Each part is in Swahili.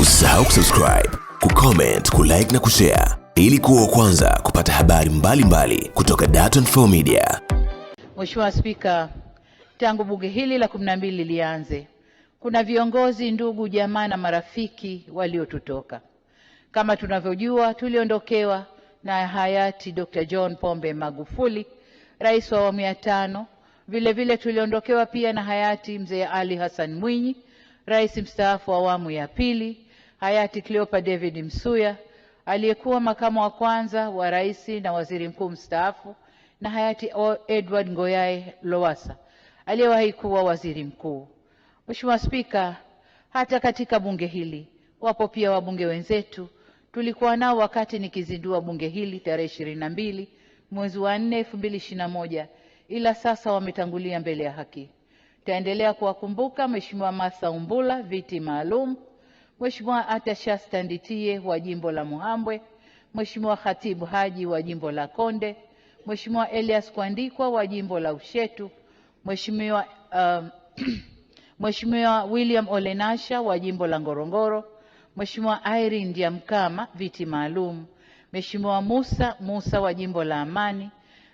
Usisahau kusubscribe, kucomment, kulike na kushare ili kuwa kwanza kupata habari mbalimbali mbali kutoka Dar24 Media. Mheshimiwa Spika, tangu bunge hili la 12 lianze, kuna viongozi, ndugu, jamaa na marafiki waliotutoka. Kama tunavyojua, tuliondokewa na hayati Dr. John Pombe Magufuli, rais wa awamu ya tano. Vilevile tuliondokewa pia na hayati mzee Ali Hassan Mwinyi, rais mstaafu wa awamu ya pili hayati Cleopa David Msuya aliyekuwa makamu wa kwanza wa rais na waziri mkuu mstaafu na hayati Edward Ngoyai Lowassa aliyewahi kuwa waziri mkuu. Mheshimiwa Spika, hata katika bunge hili wapo pia wabunge wenzetu tulikuwa nao wakati nikizindua bunge hili tarehe ishirini na mbili mwezi wa nne elfu mbili ishirini na moja ila sasa wametangulia mbele ya haki. Taendelea kuwakumbuka Mheshimiwa Martha Umbula, viti maalum Mheshimiwa atasha standitie wa jimbo la Muhambwe, Mheshimiwa Khatibu Haji wa jimbo la Konde, Mheshimiwa Elias Kwandikwa wa jimbo la Ushetu, Mheshimiwa um, Mheshimiwa William Olenasha wa jimbo la Ngorongoro, Mheshimiwa Irene Ndiamkama viti maalum, Mheshimiwa Musa Musa wa jimbo la Amani,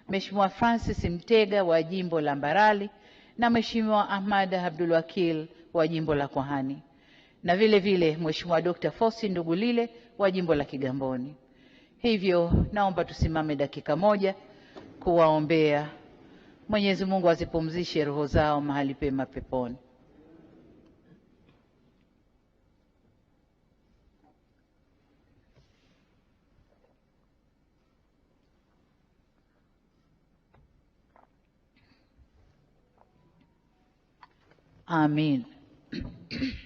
Mheshimiwa Francis Mtega wa jimbo la Mbarali na Mheshimiwa Ahmad Abdul Wakil wa jimbo la Kwahani na vile vile Mheshimiwa Dr. ndugu Ndugulile wa jimbo la Kigamboni. Hivyo naomba tusimame dakika moja kuwaombea. Mwenyezi Mungu azipumzishe roho zao mahali pema peponi. Amin.